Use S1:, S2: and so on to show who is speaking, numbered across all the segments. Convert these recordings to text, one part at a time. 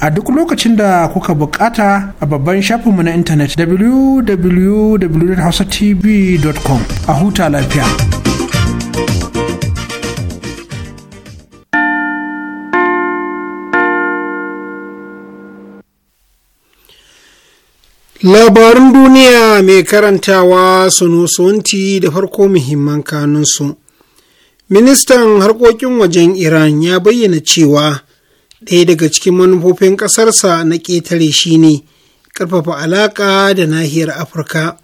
S1: a duk lokacin da kuka bukata a babban shafinmu na intanet www.hausatv.com a huta lafiya.
S2: Labarin duniya mai karantawa sunti da farko muhimman kanunsu. Ministan harkokin wajen Iran ya bayyana cewa ɗaya daga cikin manufofin ƙasarsa na ƙetare shine ƙarfafa alaƙa da nahiyar afirka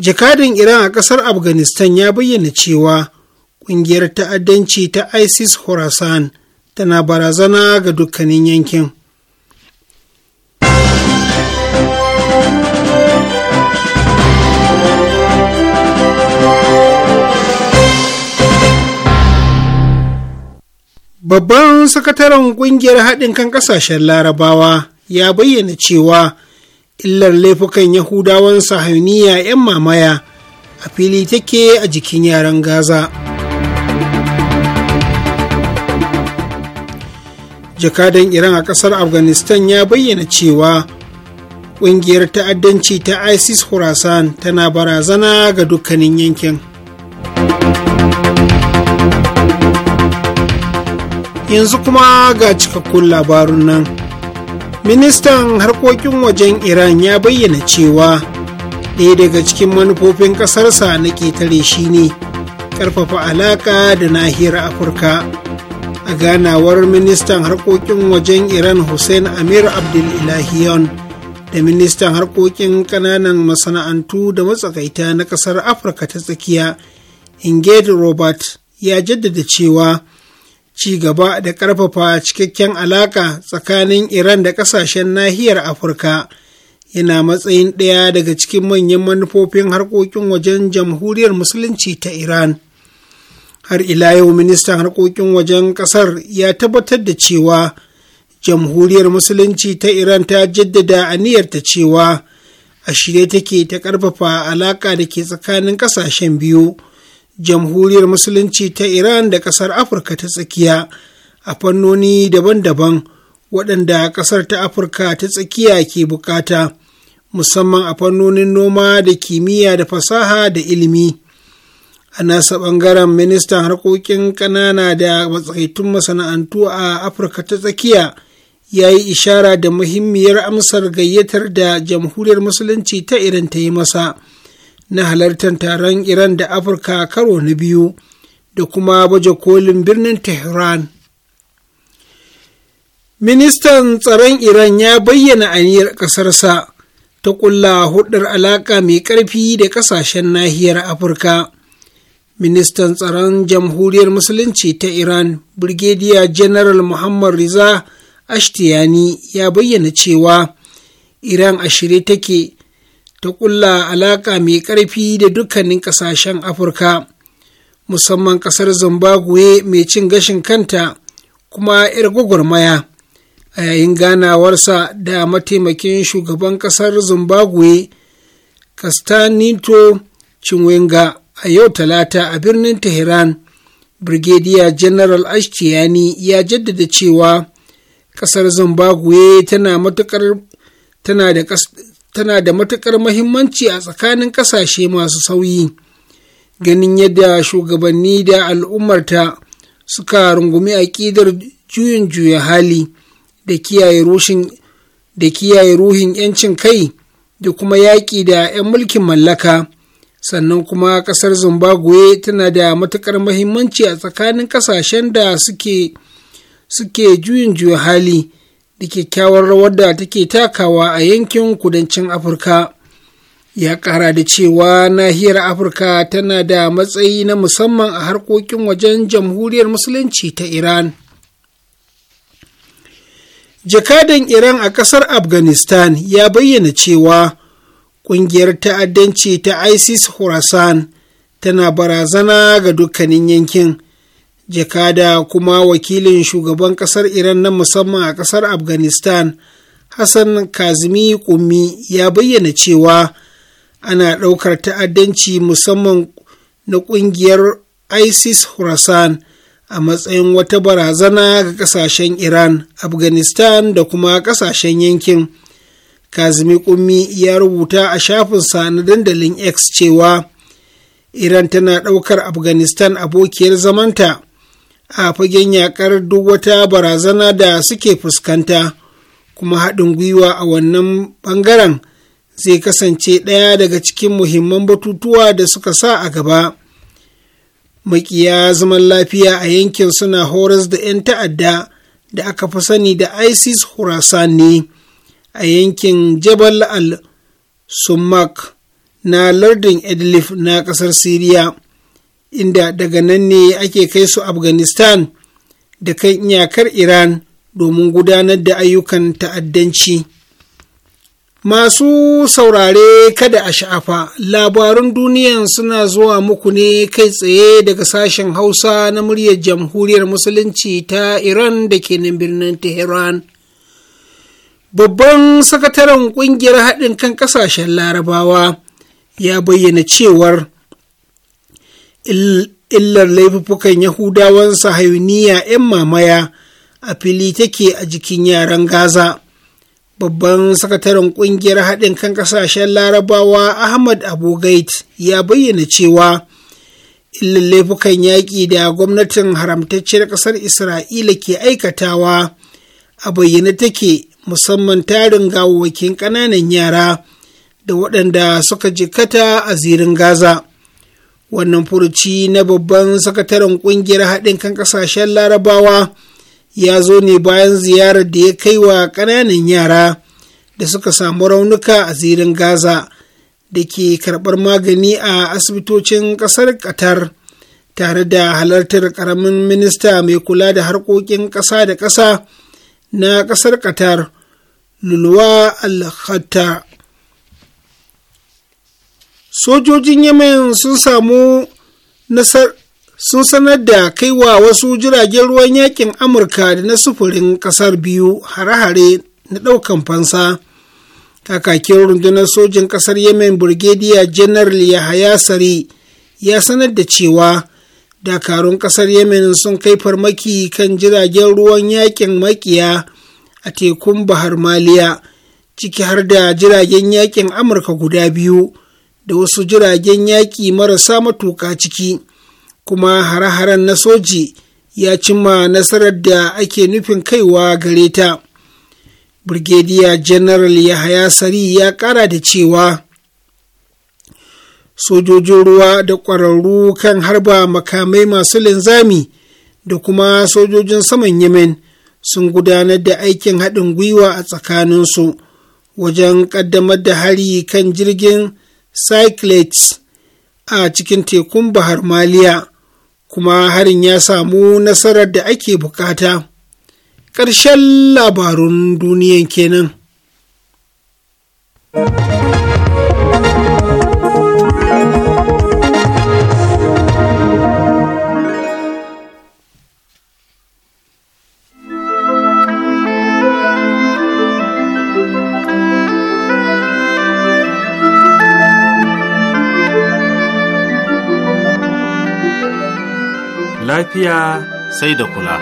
S2: jakadan iran a ƙasar afghanistan ya bayyana cewa ƙungiyar ta'addanci ta isis horasan tana barazana ga dukkanin yankin Babban sakataren ƙungiyar haɗin kan ƙasashen Larabawa ya bayyana cewa illar laifukan Yahudawan sahaniya 'yan mamaya a fili take a jikin yaran Gaza. Jakadan Iran a ƙasar Afghanistan ya bayyana cewa ƙungiyar ta'addanci ta ISIS Khorasan tana barazana ga dukkanin yankin. yanzu kuma ga cikakkun labarun nan ministan harkokin wajen iran ya bayyana cewa ɗaya daga cikin manufofin ƙasarsa na ƙetare shine ƙarfafa alaƙa da nahiyar afirka a ganawar ministan harkokin wajen iran hussein amir abdulilahiyon da ministan harkokin ƙananan masana'antu da matsakaita na ƙasar afirka ta tsakiya inged robert ya jaddada cewa ci gaba da ƙarfafa cikakken alaƙa tsakanin Iran da ƙasashen nahiyar Afirka yana matsayin ɗaya daga cikin manyan manufofin harkokin wajen jamhuriyar musulunci ta Iran. Har ila yau ministan harkokin wajen ƙasar ya tabbatar da cewa jamhuriyar musulunci ta Iran ta jaddada aniyarta cewa a shirye take ta ƙarfafa alaƙa da ke tsakanin ƙasashen biyu. jamhuriyar musulunci ta iran da ƙasar afirka ta tsakiya a fannoni daban-daban waɗanda ƙasar ta afirka ta tsakiya ke bukata musamman a fannonin noma da kimiyya da fasaha da ilimi a nasa ɓangaren ministan harkokin ƙanana da matsakaitun masana'antu a afirka ta tsakiya ya yi ishara da muhimmiyar amsar gayyatar da jamhuriyar musulunci ta iran ta yi masa. na halartar taron Iran da Afirka karo na biyu da kuma baje kolin birnin Tehran. Ministan tsaron Iran ya bayyana aniyar ƙasarsa ta ƙulla hudar alaƙa mai ƙarfi da ƙasashen nahiyar Afirka. Ministan tsaron Jamhuriyar Musulunci ta Iran, Brigadier General Muhammad Riza Ashtiyani ya bayyana cewa Iran a shirye take ta ƙulla alaƙa mai ƙarfi da dukkanin ƙasashen afirka musamman ƙasar zimbabwe mai cin gashin kanta kuma 'yar gwagwarmaya a yayin ganawarsa da mataimakin shugaban ƙasar zimbabwe kastanito chinwenga a yau talata a birnin tehran brigadier general ashtiyani ya jaddada cewa ƙasar zimbabwe tana matuƙar tana da tana da matuƙar mahimmanci a tsakanin ƙasashe masu sauyi ganin yadda shugabanni da al'ummarta suka rungumi aƙidar juyin juya hali da kiyaye rushin da kiyaye ruhin 'yancin kai da kuma yaƙi da 'yan mulkin mallaka sannan kuma ƙasar zimbabwe tana da matuƙar mahimmanci a tsakanin ƙasashen da suke juyin juya hali da kyakkyawar rawar da take takawa a yankin kudancin afirka ya kara da cewa nahiyar afirka tana da matsayi na musamman a harkokin wajen jamhuriyar musulunci ta iran jakadan iran a ƙasar afghanistan ya bayyana cewa ƙungiyar ta'addanci ta isis horasan tana barazana ga dukkanin yankin jakada kuma wakilin shugaban kasar iran na musamman a kasar afghanistan hassan kazimi kumi ya bayyana cewa ana ɗaukar ta'addanci musamman na ƙungiyar isis horasan a matsayin wata barazana ga ƙasashen iran afghanistan da kuma ƙasashen yankin kazmi kumi ya rubuta a shafinsa na dandalin x cewa iran tana ɗaukar afghanistan abokiyar zamanta a fagen yakar duk wata barazana da suke fuskanta kuma haɗin gwiwa a wannan ɓangaren zai kasance ɗaya daga cikin muhimman batutuwa da suka sa a gaba makiya zaman lafiya a yankin suna horas da 'yan ta'adda da aka fi sani da isis khurasan ne a yankin jabal al-sumak na lardin idlib na ƙasar siriya inda daga nan ne ake kai su afghanistan da kan iyakar iran domin gudanar da ayyukan ta'addanci masu saurare kada a sha'afa labarun duniyan suna zuwa muku ne kai tsaye daga sashen hausa na muryar jamhuriyar musulunci ta iran da ke nan birnin tehran babban sakataren kungiyar haɗin kan ƙasashen larabawa ya bayyana cewar illar laifukan yahudawan sahayuniya 'yan mamaya a fili take a jikin yaran gaza babban sakataren kungiyar haɗin kan ƙasashen larabawa ahmad abu gait ya bayyana cewa illar laifukan yaƙi da gwamnatin haramtacciyar ƙasar isra'ila ke aikatawa a bayyana take musamman tarin gawawakin ƙananan yara da waɗanda suka jikkata a zirin gaza wannan furuci na babban sakataren kungiyar haɗin kan ƙasashen larabawa ya zo ne bayan ziyarar da ya kai wa ƙananan yara da suka samu raunuka a zirin gaza da ke karɓar magani a asibitocin ƙasar ƙatar, tare da halartar ƙaramin minista mai kula da harkokin ƙasa da ƙasa na ƙasar ƙatar, lulwa al khattar sojojin yemen sun samu nasar sun sanar da kaiwa wasu jiragen ruwan yakin amurka da na sufurin kasar biyu hare-hare na ɗaukan fansa kakakin rundunar sojin kasar yemen brigadier general yahaya sare ya sanar da cewa dakarun kasar yemen sun kai farmaki kan jiragen ruwan yakin makiya a tekun bahar maliya ciki har da jiragen yakin amurka guda biyu da wasu jiragen yaƙi marasa matuƙa ciki kuma hare-haren na soji ya cimma nasarar da ake nufin kaiwa gare ta Brigadier General Yahaya Sari ya ƙara da cewa sojojin ruwa da ƙwararru kan harba makamai masu linzami da kuma sojojin saman Yemen sun gudanar da aikin haɗin gwiwa a tsakaninsu wajen ƙaddamar da hari kan jirgin cyclades a cikin tekun bahar maliya kuma harin ya samu nasarar da ake bukata ƙarshen labarun duniyan kenan.
S3: lafiya
S4: sai da kula.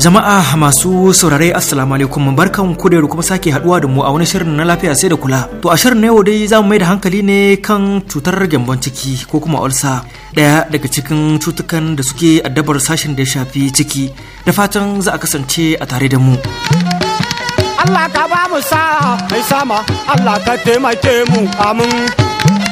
S5: Jama'a masu saurare Assalamu alaikum barkan ku da kuma sake haduwa da mu a wani shirin na lafiya sai da kula. To a shirin na yau dai za mu mai da hankali ne kan cutar gyambon ciki ko kuma ulsa daya daga cikin cutukan da suke addabar sashen da ya shafi ciki da fatan za a kasance a tare da mu. Allah ka ba mu sa'a mai sama Allah ka taimake mu amin.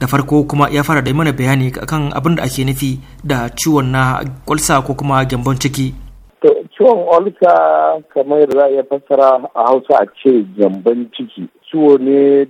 S5: da farko kuma ya fara da mana bayani kan abin da ake nufi da ciwon na kwalsa ko kuma gyambon ciki
S6: ciwon olsa kamar da za a iya fassara a hausa a ce gyambon ciki ciwo ne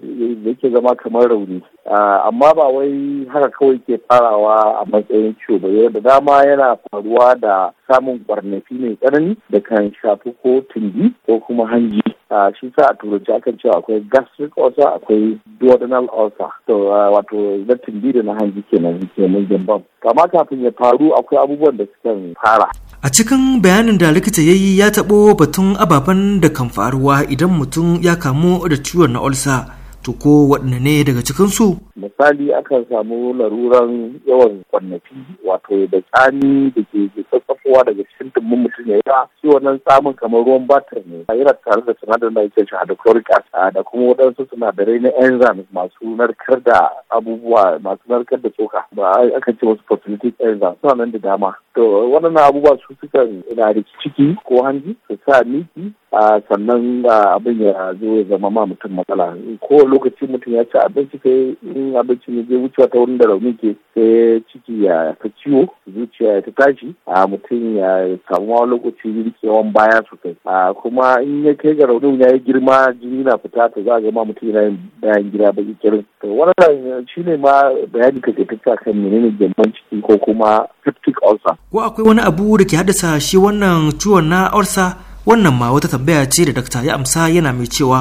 S6: da yake zama kamar rauni ah, amma ba wai haka kawai ke farawa a matsayin ciwo ba da dama yana faruwa da samun kwarnafi mai tsanani da kan shafi ko tumbi ko kuma hanji a ah, shi sa a turanci akan cewa akwai gastric ulcer akwai duodenal ulcer to ah, wato na tumbi da na hanji kenan kenan jambam kama kafin ya faru akwai abubuwan da sukan fara
S5: a cikin bayanin da likita ya yi ya taɓo batun ababen da kan faruwa idan mutum ya kamu da ciwon na olsa to ko waɗanne ne daga cikinsu?
S6: Misali akan samu laruran yawan kwannafi wato da tsani da ke tsatsafowa daga cikin tumbin mutum ya yawa shi wannan samun kamar ruwan batir ne yana tare da sinadarin da ake shahada chloric acid da kuma waɗansu sinadarai na enzymes masu narkar da abubuwa masu narkar da tsoka ba akan ce wasu facilitic enzymes suna nan da dama to waɗannan abubuwa su sukan na da ciki ko hanji su sa miki a sannan abin ya zo ya zama ma mutum matsala ko lokaci mutum ya ci abinci sai in abincin ya je wucewa ta wurin da rauni ke sai ciki ya ta ciwo zuciya ya ta tashi a mutum ya samu wani lokaci rikewan baya sosai a kuma in ya kai ga raunin ya yi girma jini na fita to za a ga ma mutum yana yin bayan gida baki kirin to wannan ne ma bayani kake tattaka kan menene gyambon ciki ko kuma cystic
S5: ulcer ko akwai wani abu da ke haddasa shi wannan ciwon na ulcer wannan ma wata tambaya ce da dakta ya amsa yana mai cewa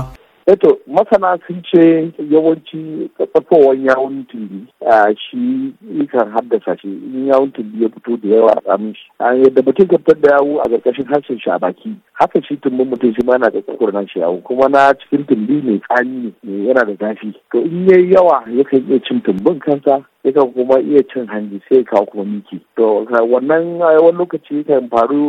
S6: eto masana sun ce yawanci tsakowar yawon tumbi a shi kan haddasa shi in yawon tumbi ya fito da yawa a tsamin shi a yadda mutum gabtar da yawu a ƙarƙashin harshen shi a baki haka shi tumbin mutum shi ma yana da tsakuwar nan shi yawo kuma na cikin tumbi mai tsani ne yana da zafi to in yayi yawa ya yakan iya cin tumbin kansa ya kan kuma iya cin hanji sai ya kawo kuma miki to wannan wani lokaci kan faru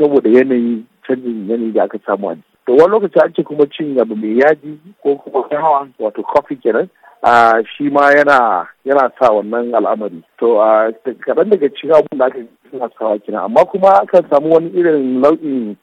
S6: saboda yanayi canjin yanayi da aka samu a to wani lokaci an ce kuma cin abu mai yaji ko kuma kawawa wato kofi kenan a shi ma yana yana sa wannan al'amari to a kaɗan daga cikin abubuwan da aka suna sawa kenan amma kuma akan samu wani irin nau'in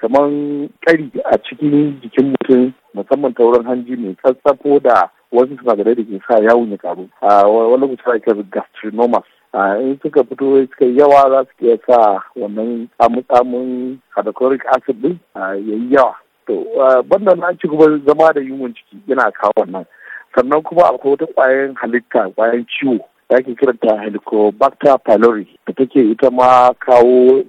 S6: kaman kari a cikin jikin mutum musamman ta wurin hanji mai sassafo da wasu sinadarai da ke sa yawon ya karu a wani lokaci ake gastrinomas a in suka fito suka yi yawa za su iya sa wannan tsamutsamun hydrochloric acid din ya yi yawa to banda na ci gaba zama da yiwuwan ciki yana kawo wannan sannan kuma akwai wata kwayan halitta kwayan ciwo da ake kiranta helicobacter pylori da take ita ma kawo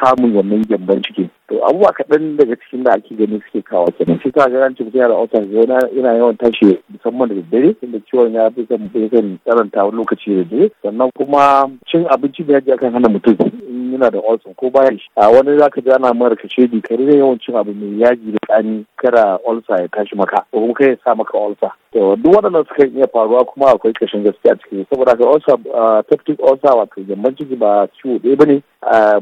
S6: samun wannan gyamban ciki to abubuwa kaɗan daga cikin da ake gani suke kawo kenan shi kaga ran cikin yana autar yana yawan tashi musamman da daddare inda ciwon ya fi kan tsaranta wani lokaci da daddare sannan kuma cin abinci da yaji akan hana mutum in yana da olson ko baya shi a wani za ji ana mara kashe bi. kare ne yawancin abu mai yaji da tsani kara olsa ya tashi maka ko kuma kai ya sa maka olsa to duk waɗannan suka iya faruwa kuma akwai kashin gaskiya ciki saboda ka olsa tactic olsa wato jamban ciki ba ciwo ɗaya bane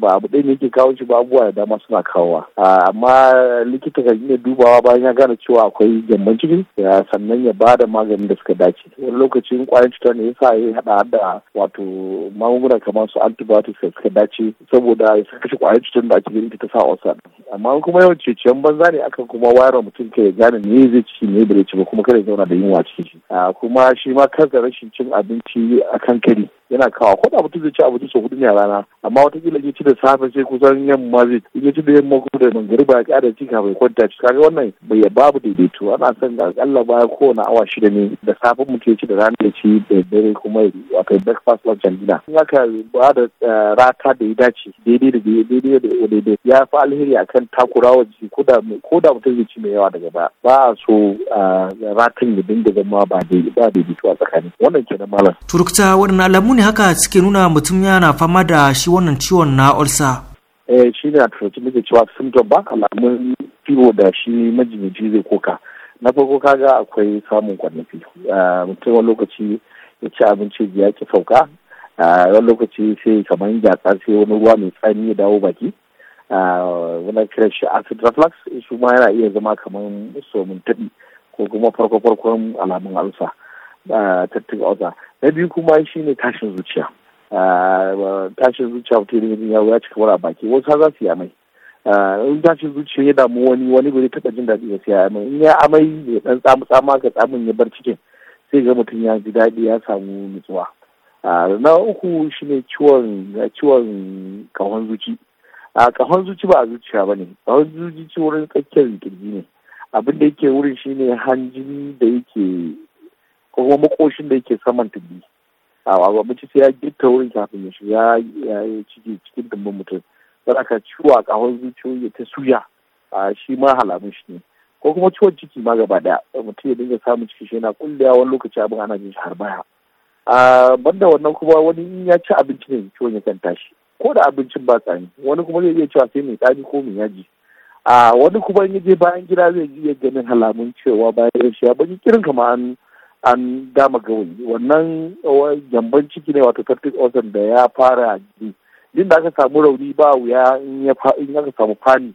S6: ba abu ɗaya ne yake kawo shi ba abubuwa da dama suna kawowa amma likita kan iya dubawa bayan ya gane cewa akwai jamban ciki sannan ya ba da maganin da suka dace wani lokacin kwayan cutar ne yasa ya haɗa da wato magunguna kamar su antibiotics da suka dace saboda ya kashe kwayar cutar da ake gani ta sa osa amma kuma yawan ceciyan banza ne akan kuma wayar mutum ka kai gane me zai ci ne bai ci ba kuma kada ya zauna da yunwa cikin shi ah, kuma shi ma kansa rashin cin abinci akan kari yana kawo ko da mutum zai ci abinci sau hudu ne a rana amma watakila ya ci da safe sai kusan yamma zai ya ci da yamma kuma da ba ya ƙara ci kafin kwanta ci kaga wannan bai babu daidaito ana son ga akalla baya kowane awa shida ne da safe mutum ya ci da rana ya ci da dare kuma wato breakfast lunch and dinner in aka ba da eh, rata da ya dace daidai da daidai da daidai ya fi alheri akan takurawa jiki ko da mutum zai ci mai yawa daga baya ba a so eh, ratan ya dinga zama ba daidaito a tsakani wannan kenan malam
S5: turkta waɗannan alamu ne haka suke nuna mutum yana fama da shi wannan ciwon na ulsa?
S6: eh shi ne a turanci muke cewa symptom ba alamun fiwo da shi majinyaci zai koka na farko kaga akwai samun kwanafi eh, mutum wani lokaci ya ci abinci ya ki sauka eh, wani lokaci sai kamar gyatsa sai wani ruwa mai tsani ya dawo baki eh, wani kiran shi acid reflux shi ma yana iya zama kamar somin taɓi ko kuma farko farkon alamun alsa tattin alsa na biyu kuma shi ne tashin zuciya tashin zuciya mutum ne ya ya cika baki wasu har za su yi amai in tashin zuciya ya damu wani wani bai taɓa jin daɗi ya siya amai in ya amai ya ɗan tsamu tsamu ka tsamun ya bar cikin sai ga mutum ya ji daɗi ya samu nutsuwa na uku shine ciwon ciwon kahon zuci a kahon zuci ba a zuciya ba ne kahon zuci wurin tsakiyar kirji ne abin da yake wurin shi ne hanjin da yake kuma makoshin da yake saman tubi a abinci sai ya gitta wurin kafin ya shiga ya yi ciki cikin dumbin mutum don aka ciwo a kahon zuciyoyi ta suya a shi ma halamun shi ne ko kuma ciwon ciki ma gaba daya mutum ya dinga samun ciki shi yana kullewa wani lokaci abin ana jin shi har baya a banda wannan kuma wani in ya ci abinci ne ciwon ya kan tashi ko da abincin ba tsani wani kuma zai iya cewa sai mai tsani ko mai yaji a wani kuma in je bayan gida zai iya ganin halamun cewa bayan shi ya bari kirin kama an an dama gawai wannan jamban ciki ne wato peptic Ozan da ya fara jini din da aka samu rauni ba wuya in aka samu fani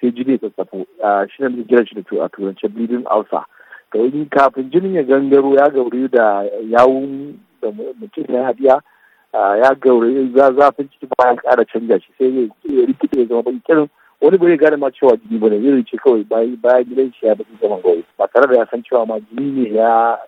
S6: sai jini ya tsatsafo shi ne jiran shi da a turance bleeding ulcer to in kafin jinin ya gangaro ya gauri da yawun da mutum ya haɗiya ya gauri zafin ciki ba ya ƙara canja shi sai ya rikide ya zama ba kirin wani bai gane ma cewa jini ne zai rice kawai bayan gidan shi ya baki zaman gauri ba tare da ya san cewa ma jini ne ya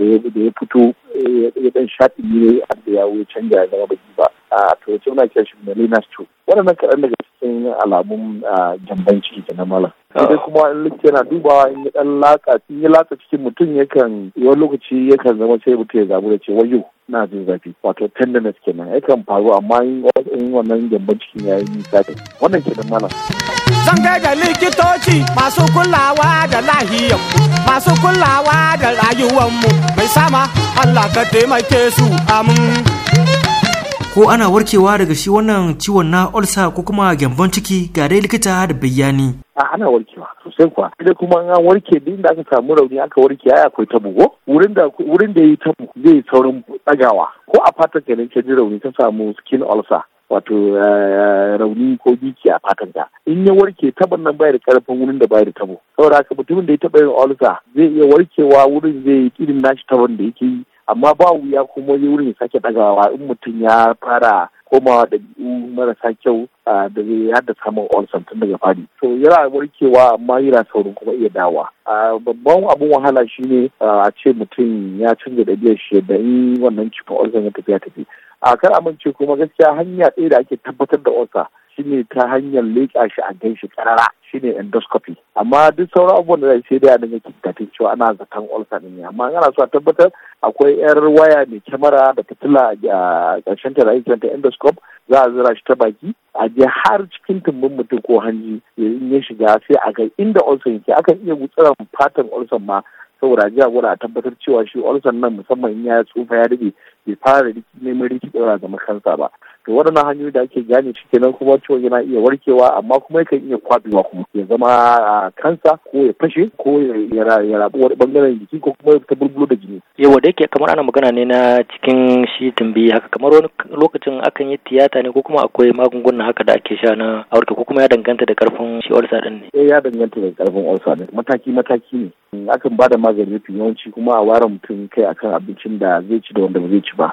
S6: da ya fito eh, ya dan shaɗi ne da ya wuce canja ya zama baki ba a turanci muna ne, shi melina stew waɗannan kaɗan daga cikin alamun jambanci ciki na mala sai kuma in likita yana dubawa in ya dan laka in ya laka cikin mutum yakan wani lokaci yakan zama sai mutum ya zamu da ce wayo na jin zafi wato tenderness kenan yakan faru amma in wannan jamban cikin ya yi nisa wannan kenan mala. zan kai da likitoci masu kulawa da
S5: lahiyar masu kulawa da rayuwanmu mai sama Allah ka taimake su amin. Ko ana warkewa daga shi wannan ciwon na olsa ko kuma gyambon ciki ga dai likita da bayani. A ana warkewa sosai kuwa. Idan kuma an
S6: warke duk da aka samu rauni aka warke ai akwai tabo ko wurin da wurin da yi tabo zai saurin tsagawa ko a fatar kenan ka rauni ta samu skin olsa wato eh, rauni ko a fatan ka in ya warke taban nan bai da karfin wurin da bai da tabo saboda haka mutumin da ya taba yin olsa zai iya warkewa wurin zai yi irin nashi taban da yake yi amma ba wuya kuma ya wurin ya sake dagawa in mutum ya fara komawa da marasa kyau da zai da samun ulcer tun daga fari so yana warkewa amma yana saurin kuma iya dawa babban abun wahala shine a ce mutum ya canza ɗabi'ar shi da in wannan cikin ulcer ya tafi ya tafi a kar amince kuma gaskiya hanya ɗaya da ake tabbatar da olsa ne ta hanyar leƙa shi a ganshi karara ne endoscopy amma duk sauran abubuwan da zai sai dai a yake da cewa ana zaton ulcer ne amma ana so a tabbatar akwai yar waya mai kyamara da fitila a ƙarshen ta da ta endoscope za a zira shi ta baki a je har cikin tumbin mutum ko hanji in ya shiga sai a ga inda ulcer yake akan iya gutsuran fatan ulcer ma saboda jiya gwada a tabbatar cewa shi ulcer nan musamman in ya tsufa ya daɗe bai fara neman rikidewa ga makansa ba to waɗannan hanyoyi da ake gane shi kenan kuma ciwo yana iya warkewa amma kuma yakan iya kwabewa kuma ya zama a kansa ko ya fashe
S5: ko ya rabu wani bangaren jiki ko kuma ya bulbulo da jini. yawa da yake kamar ana magana ne na cikin shi tumbi haka kamar wani lokacin akan yi tiyata ne ko kuma akwai magungunan haka da ake sha na aurka ko kuma ya danganta da karfin shi ulcer din ne. eh
S6: ya danganta da karfin ulcer ne mataki mataki ne. akan ba da magani mafi yawanci kuma a ware mutum kai akan abincin da zai ci da wanda ba zai ci ba.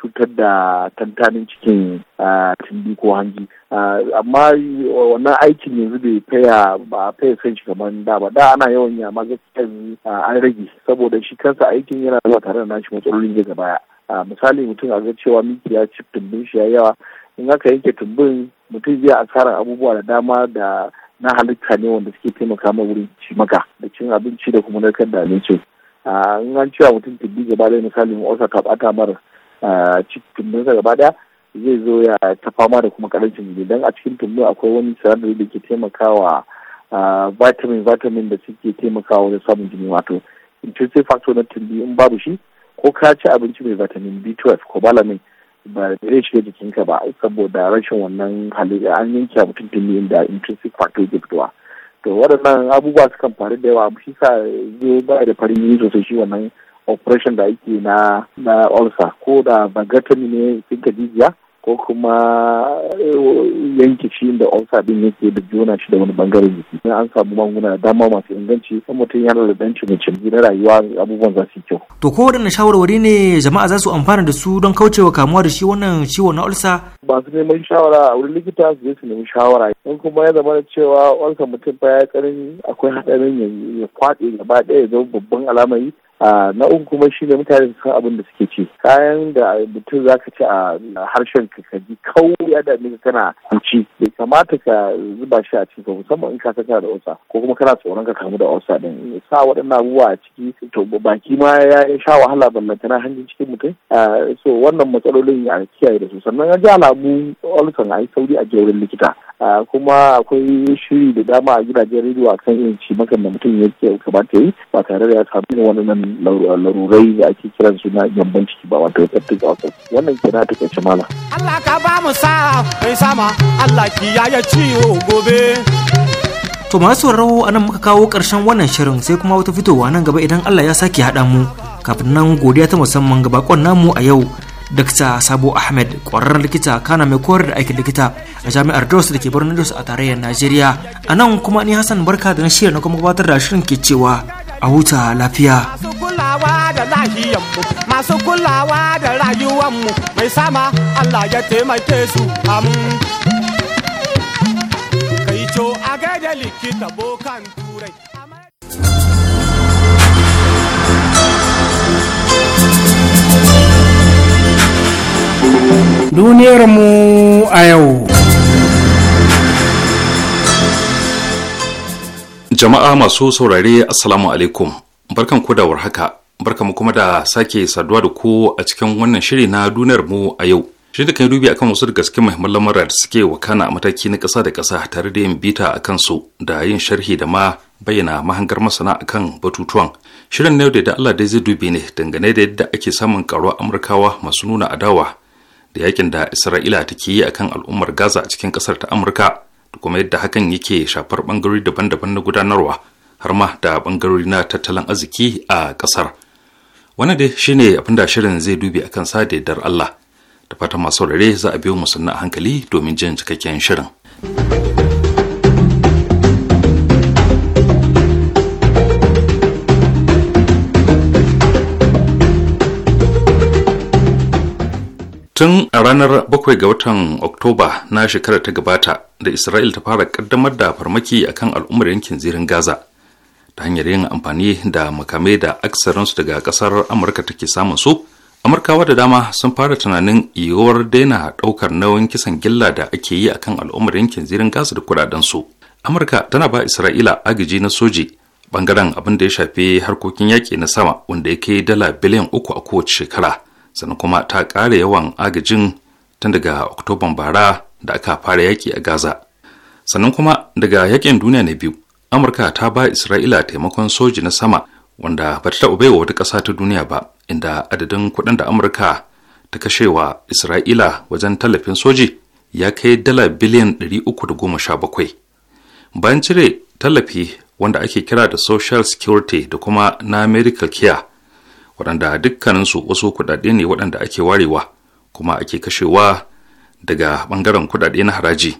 S6: cutar da tantanin cikin tindi ko hanji amma wannan aikin yanzu bai faya ba a faya san shi kamar da ba da ana yawan yama gaskiya an rage saboda shi kansa aikin yana zuwa tare da nashi matsalolin daga baya misali mutum a ga cewa miki ya ci tumbin shi ya yawa in aka yanke tumbin mutum zai asara abubuwa da dama da na halitta ne wanda suke taimaka ma wurin ci maka da cin abinci da kuma narkar da abinci in an cewa mutum tumbi gaba da misali mu osa ka bata mara tumbinsa gaba daya zai zo ya ta fama da kuma karancin jini Dan a cikin tumbi akwai wani sinadari da ke taimakawa vitamin vitamin da suke taimakawa wajen samun jini wato intrinsic factor na tumbi in babu shi ko ka ci abinci mai vitamin b12 ko balamin ba zai shiga jikinka ba saboda rashin wannan halitta an yanke mutum tumbi inda intrinsic factor ke fitowa to waɗannan abubuwa sukan faru da yawa shi sa zai ba da farin yi sosai shi wannan operation da ake na na olsa ko da bagatani ne tsinka jijiya ko kuma eh, yanke shi da olsa din yake da juna shi da wani bangaren jiki an samu manguna da dama masu inganci kuma mutum yana da danci mai canji na rayuwa abubuwan za su kyau.
S5: to ko waɗanne shawarwari ne jama'a za su amfana da su don kaucewa kamuwa da shi wannan ciwon na olsa?
S6: ba su neman shawara a wurin likita su je su nemi shawara in kuma ya zama da cewa olsa mutum fa ya karin akwai haɗarin ya kwaɗe gaba ɗaya ya zama babban alamari na uku kuma shi ne mutane su san abin da suke ci kayan da mutum za ka ci a harshen ka ka ji kawai ya da ni kana kuci bai kamata ka zuba shi a cikin musamman in ka saka da osa ko kuma kana tsoron ka kamu da osa din sa waɗannan abubuwa a ciki to baki ma ya sha wahala ballantana hanyar cikin mutum so wannan matsalolin a kiyaye da su sannan ya ji alamu olson a yi sauri a jerin likita Ah, kuma akwai shiri da dama a gidajen rediyo a kan irin cimakan da mutum ya kamata yi ba tare da ya samu wannan larurai da ake kiran suna yamban ciki ba wato ya wasu wannan na ta kace mala. Allah ka ba mu sa mai sama Allah ki ya ciwo
S5: gobe. To masu sauraro anan muka kawo ƙarshen wannan shirin sai kuma wata fitowa nan gaba idan Allah ya sake haɗa mu kafin nan godiya ta musamman ga bakon namu a yau Dokta Sabo Ahmed ƙwararren likita kana mai koyar da aikin likita a jami'ar Jos da ke birnin Jos a tarayyar Najeriya. A nan kuma ni Hassan Barka da na shirya na kuma gabatar da shirin ke cewa a huta lafiya. Masu
S6: kulawa da lahiyanmu, masu kulawa da rayuwanmu, mai sama Allah ya taimake su am. Kai a
S7: gaida likita bokan turai.
S1: Duniyarmu a yau.
S3: Jama'a masu saurare Assalamu alaikum. Barkan ku da warhaka. Barkan kuma da sake saduwa da ku a cikin wannan shiri na duniyarmu a yau. Shi da kan dubi akan wasu da gaske muhimman lamura da suke wakana a mataki na ƙasa da kasa tare da yin bita a kansu da yin sharhi da ma bayyana mahangar masana akan batutuwan shirin na yau da Allah dai zai dubi ne dangane da yadda ake samun karuwa amurkawa masu nuna adawa da yakin da isra'ila take yi akan al'ummar gaza a cikin kasar ta amurka da kuma yadda hakan yake shafar bangarori daban-daban na gudanarwa har ma da bangarori na tattalin arziki a kasar wani dai shine abin da shirin zai dubi akan sa da yardar allah da fata masu rare za a biyo musanna a hankali domin jin cikakken shirin. tun a ranar 7 ga watan oktoba na shekarar ta gabata da isra'il ta fara kaddamar da farmaki akan al'ummar yankin zirin gaza ta hanyar yin amfani da makamai da aksarinsu daga ƙasar amurka take samun su amurkawa da dama sun fara tunanin yiwuwar daina ɗaukar nauyin kisan gilla da ake yi akan al'ummar yankin zirin gaza da kudaden amurka tana ba isra'ila agaji na soji bangaren abin da ya shafi harkokin yaƙi na sama wanda ya kai dala biliyan uku a kowace shekara sannan kuma ta ƙara yawan agajin tun daga oktoban bara da aka fara yaki a gaza sannan kuma daga yaƙin duniya na biyu amurka ta ba isra'ila taimakon soji na sama wanda ba ta taɓa baiwa wata ƙasa ta duniya ba inda adadin kuɗin da amurka ta kashe wa isra'ila wajen tallafin soji ya kai dala biliyan bakwai bayan cire tallafi wanda ake kira da social security da kuma na medical care waɗanda dukkaninsu wasu kuɗaɗe ne waɗanda ake warewa kuma ake kashewa daga ɓangaren kuɗaɗe na haraji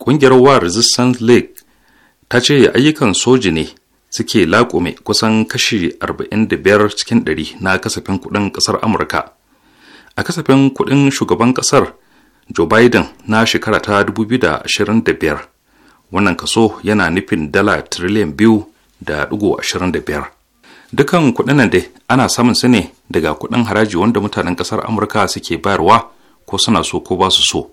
S3: ƙungiyar war resistance league ta ce ayyukan soji ne suke laƙume kusan kashi 45 cikin ɗari na kasafin kuɗin ƙasar amurka a kasafin kuɗin shugaban ƙasar joe biden na shekara ta 2025 wannan kaso yana nufin dala triliyan biyu da ɗigo ashirin dukan kuɗin nan dai ana samun su ne daga kuɗin haraji wanda mutanen ƙasar amurka suke bayarwa ko suna so ko ba su so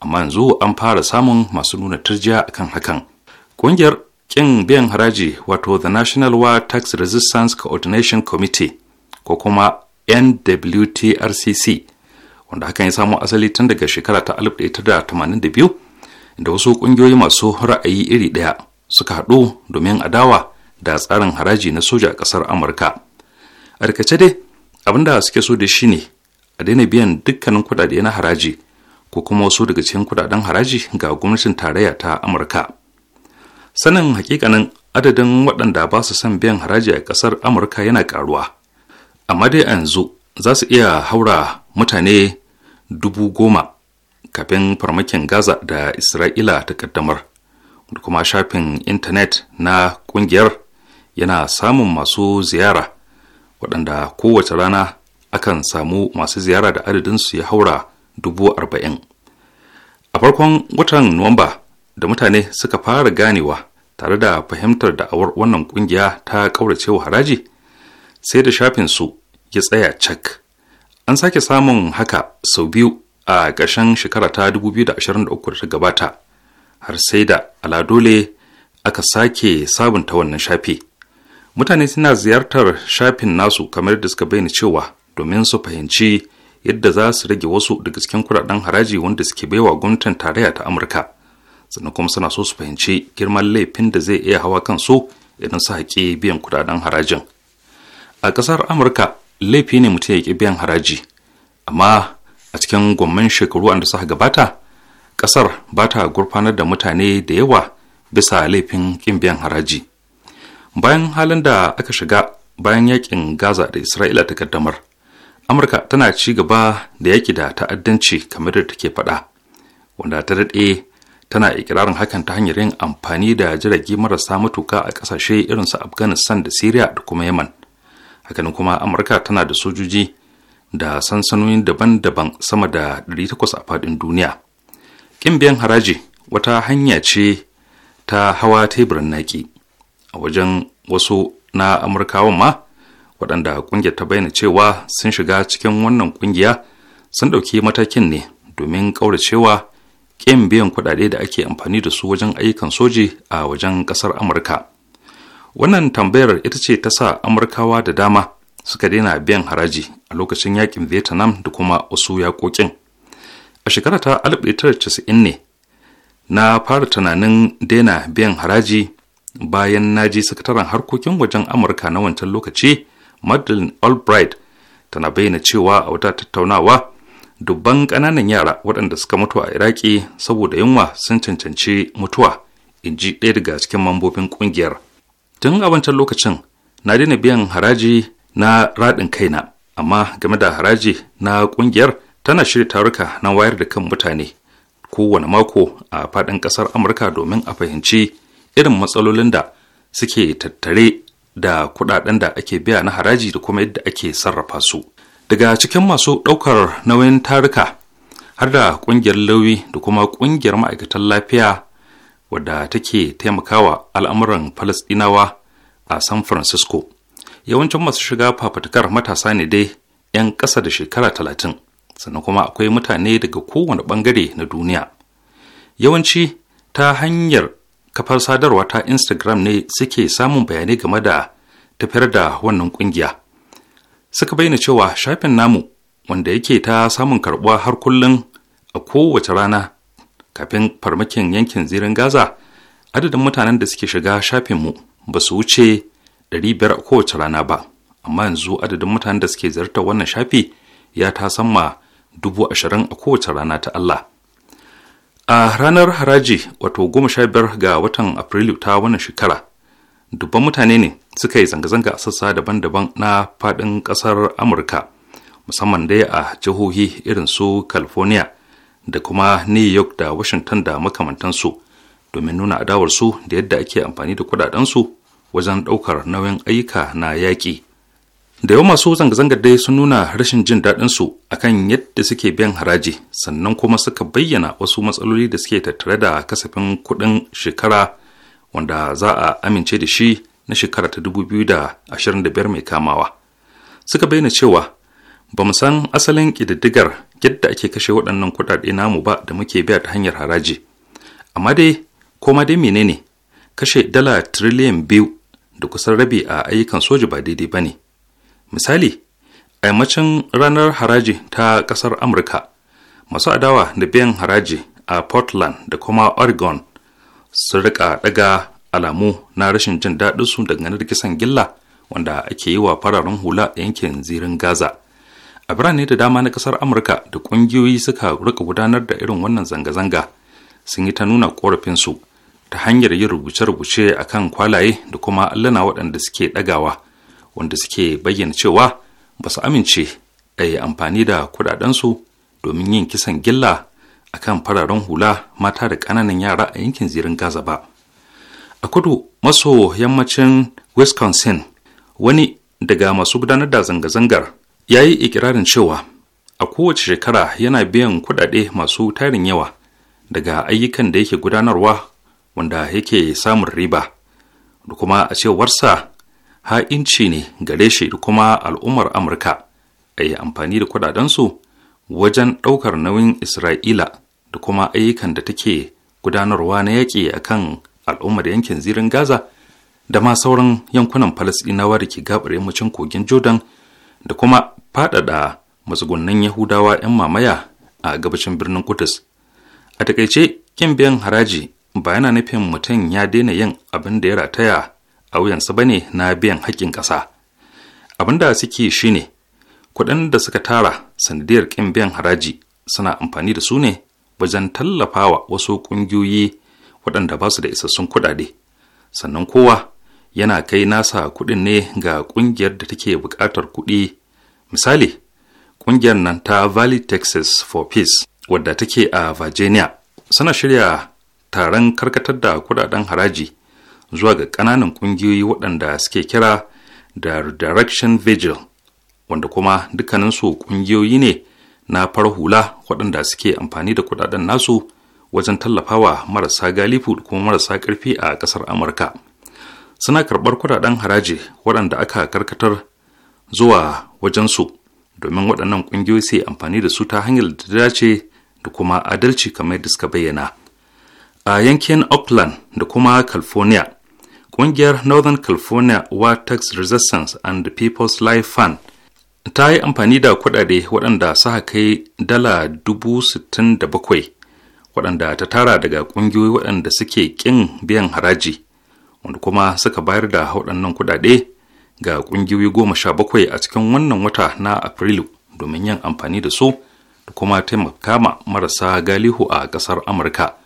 S3: amma yanzu an fara samun masu nuna turjiya akan hakan ƙungiyar ƙin biyan haraji wato the national war tax resistance coordination committee ko kuma nwtrcc wanda hakan ya samo asali tun daga shekara ta 1982 da wasu ƙungiyoyi masu ra'ayi iri ɗaya suka haɗu domin adawa da tsarin haraji na soja a ƙasar amurka a rikace dai abin da suke so da shi ne a daina biyan dukkanin kudade na haraji ko kuma wasu daga cikin kudaden haraji ga gwamnatin tarayya ta amurka sanin hakikanin adadin waɗanda ba su son biyan haraji a kasar amurka yana ƙaruwa amma dai a yanzu za su iya haura mutane dubu goma kafin farmakin gaza da isra'ila ta kaddamar da kuma shafin intanet na kungiyar. yana samun masu ziyara waɗanda kowace rana akan samu masu ziyara da adadinsu ya haura dubu arba'in a farkon watan nuwamba da mutane suka fara ganewa tare da fahimtar da'awar wannan kungiya ta ƙauracewa haraji sai da shafin su ya tsaya cak an sake samun haka sau biyu a ƙarshen shekara ta 2023 da ta gabata har sai da aladole aka sake sabunta wannan shafi mutane suna ziyartar shafin nasu kamar da suka bayyana cewa domin su fahimci yadda za su rage wasu daga cikin kudaden haraji wanda suke baiwa gwamnatin tarayya ta amurka sannan kuma suna so su fahimci girman laifin da zai iya hawa kansu idan su haƙi biyan kudaden harajin a ƙasar amurka laifi ne mutum ya ƙi biyan haraji amma a cikin gwamman shekaru da suka gabata ƙasar ba ta gurfanar da mutane da yawa bisa laifin ƙin biyan haraji bayan halin da aka shiga bayan yakin gaza da isra'ila ta kaddamar amurka tana ci gaba da yaki da ta'addanci kamar da take faɗa wanda ta daɗe tana ikirarin hakan ta hanyar yin amfani da jirage marasa matuka a ƙasashe irin su afghanistan da syria da kuma yaman hakan kuma amurka tana da sojoji da sansanoni daban-daban sama da 800 a faɗin duniya ƙin biyan haraji wata hanya ce ta hawa teburin naƙi a wajen wasu na amurkawan ma waɗanda ƙungiyar ta bayyana cewa sun shiga cikin wannan ƙungiya sun ɗauki matakin ne domin ƙauracewa ƙin biyan kuɗaɗe da ake amfani da su wajen ayyukan soji a wajen ƙasar amurka wannan tambayar ita ce ta sa amurkawa da dama suka daina biyan haraji a lokacin yakin vietnam da kuma wasu yaƙoƙin a shekara ta 1990 ne na fara tunanin daina biyan haraji bayan na ji sakataren harkokin wajen amurka na wancan lokaci madeleine albright tana bayyana cewa a wata tattaunawa dubban ƙananan yara waɗanda suka mutu a iraki saboda yunwa sun cancanci mutuwa in ji ɗaya daga cikin mambobin ƙungiyar tun a wancan lokacin na daina biyan haraji na raɗin kaina amma game da haraji na ƙungiyar tana shirya taruka na wayar da kan mutane kowane mako a faɗin ƙasar amurka domin a fahimci irin matsalolin da suke tattare da kudaden da ake biya na haraji da kuma yadda ake sarrafa su daga cikin masu ɗaukar nauyin tarika, har da ƙungiyar lauyi da kuma ƙungiyar ma'aikatan lafiya wadda take taimakawa al'amuran falasɗinawa a san francisco yawancin masu shiga fafatakar matasa ne dai 'yan ƙasa da shekara talatin sannan kuma akwai mutane daga kowane bangare na duniya yawanci ta hanyar kafar sadarwa ta instagram ne suke samun bayanai game da tafiyar da wannan kungiya suka bayyana cewa shafin namu wanda yake ta samun karbuwa har kullum a kowace rana kafin farmakin yankin zirin gaza adadin mutanen da suke shiga shafinmu ba su wuce 500 a kowace rana ba amma yanzu adadin mutanen da suke zartar wannan shafi ya ta sama dubu ashirin a kowace rana ta Allah. a ranar haraji wato goma sha biyar ga watan afrilu ta wannan shekara dubban mutane ne suka yi zanga-zanga a sassa daban-daban na fadin kasar amurka musamman dai a jihohi irin su california da kuma new york da washington da makamantansu domin nuna adawarsu da yadda ake amfani da kudadensu wajen daukar nauyin ayyuka na yaƙi da yawa masu zanga-zangar dai sun nuna rashin jin daɗinsu akan yadda suke biyan haraji sannan kuma suka bayyana wasu matsaloli da suke tattare da kasafin kuɗin shekara wanda za a amince da shi na shekara ta 2025 mai kamawa suka bayyana cewa ba mu san asalin ƙididdigar yadda ake kashe waɗannan kuɗaɗe namu ba da muke biya ta hanyar haraji amma dai koma dai menene kashe dala tiriliyan biyu da kusan rabi a ayyukan soja ba daidai ba ne misali a yammacin ranar haraji ta kasar amurka masu adawa da biyan haraji a portland da kuma oregon su rika daga alamu na rashin jin daɗin su dangane da kisan gilla wanda ake yi wa fararen hula a yankin zirin gaza a birane da dama na kasar amurka da ƙungiyoyi suka rika gudanar da irin wannan zanga-zanga sun yi ta nuna ƙorafinsu ta hanyar yin rubuce-rubuce a kan kwalaye da kuma allana waɗanda suke ɗagawa wanda suke bayyana cewa ba su amince a yi amfani da kudadensu domin yin kisan gilla a kan fararen hula mata da ƙananan yara a yankin zirin gaza ba a kudu maso yammacin wisconsin wani daga masu gudanar da zanga-zangar ya yi ikirarin cewa a kowace shekara yana biyan kudade masu tarin yawa daga ayyukan da yake gudanarwa wanda yake samun riba da kuma a cewarsa ha'inci ne gare shi da kuma al'ummar amurka a yi amfani da kudadensu wajen ɗaukar nauyin isra'ila da kuma ayyukan da take gudanarwa na yaƙi a kan al'ummar yankin zirin gaza da ma sauran yankunan falasɗinawa da ke gabar yammacin kogin jordan da kuma faɗaɗa matsugunan yahudawa 'yan mamaya a gabashin birnin kudus a takaice kin biyan haraji ba yana nufin mutum ya daina yin abin da ya rataya a wuyansu ba ne na biyan haƙƙin ƙasa abin da suke shi ne kuɗin da suka tara sanadiyar ƙin biyan haraji suna amfani da su ne wajen tallafawa wasu ƙungiyoyi waɗanda ba su da isassun kuɗaɗe sannan kowa yana kai nasa kuɗin ne ga ƙungiyar da take buƙatar kuɗi misali ƙungiyar nan ta valley texas for peace wadda take a virginia suna shirya taron karkatar da kuɗaɗen haraji zuwa ga kananan kungiyoyi waɗanda suke kira da Redirection Vigil, wanda kuma dukkaninsu kungiyoyi ne na farhula hula waɗanda suke amfani da kuɗaɗen nasu wajen tallafawa marasa galifu da kuma marasa ƙarfi a ƙasar Amurka. Suna karɓar kuɗaɗen haraji waɗanda aka karkatar zuwa wajensu domin waɗannan ƙungiyoyi su amfani da su ta hanyar da dace da kuma adalci kamar da suka bayyana. A yankin Auckland da kuma California Ƙungiyar Northern California War Tax Resistance and the People's Life Fund ta yi amfani da kuɗaɗe waɗanda suka kai dala dubu sittin da bakwai waɗanda ta tara daga ƙungiyoyi waɗanda suke ƙin biyan haraji wanda kuma suka bayar da waɗannan kuɗaɗe ga ƙungiyoyi goma sha bakwai a cikin wannan wata na afrilu domin yin amfani da su da kuma taimaka ma marasa galihu a ƙasar amurka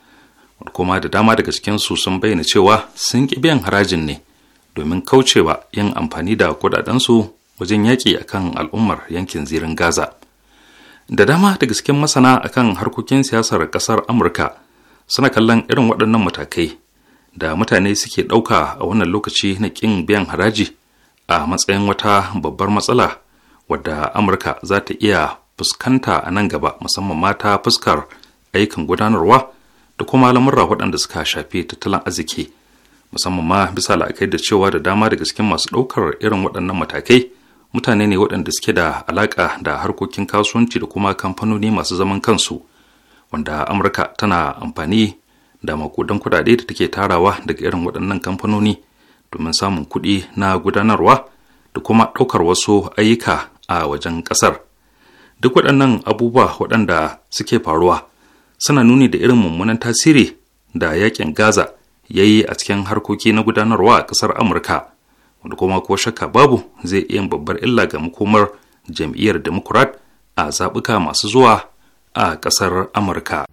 S3: kuma da dama daga cikinsu sun bayyana cewa sun ƙi biyan harajin ne domin kaucewa yin amfani da kudadensu wajen yaƙi akan al'ummar yankin zirin gaza da dama daga cikin masana akan harkokin siyasar ƙasar amurka suna kallon irin waɗannan matakai da mutane suke ɗauka a wannan lokaci na ƙin biyan haraji a matsayin wata babbar matsala wadda amurka za ta iya fuskanta a nan gaba musamman mata fuskar aikin gudanarwa da kuma lamurra waɗanda suka shafi tattalin arziki musamman ma bisa la'akai da cewa da dama daga cikin masu ɗaukar irin waɗannan matakai mutane ne waɗanda suke da alaƙa da harkokin kasuwanci da kuma kamfanoni masu zaman kansu wanda amurka tana amfani da makudan kuɗaɗe da take tarawa daga irin waɗannan kamfanoni domin samun kuɗi na gudanarwa da kuma ɗaukar wasu ayyuka a wajen ƙasar duk waɗannan abubuwa waɗanda suke faruwa suna nuni da irin mummunan tasiri da yakin gaza ya yi a cikin harkoki na gudanarwa a ƙasar amurka wanda kuma ko shakka babu zai iya babbar illa ga makomar jam'iyyar democrat a zaɓuka masu zuwa a ƙasar amurka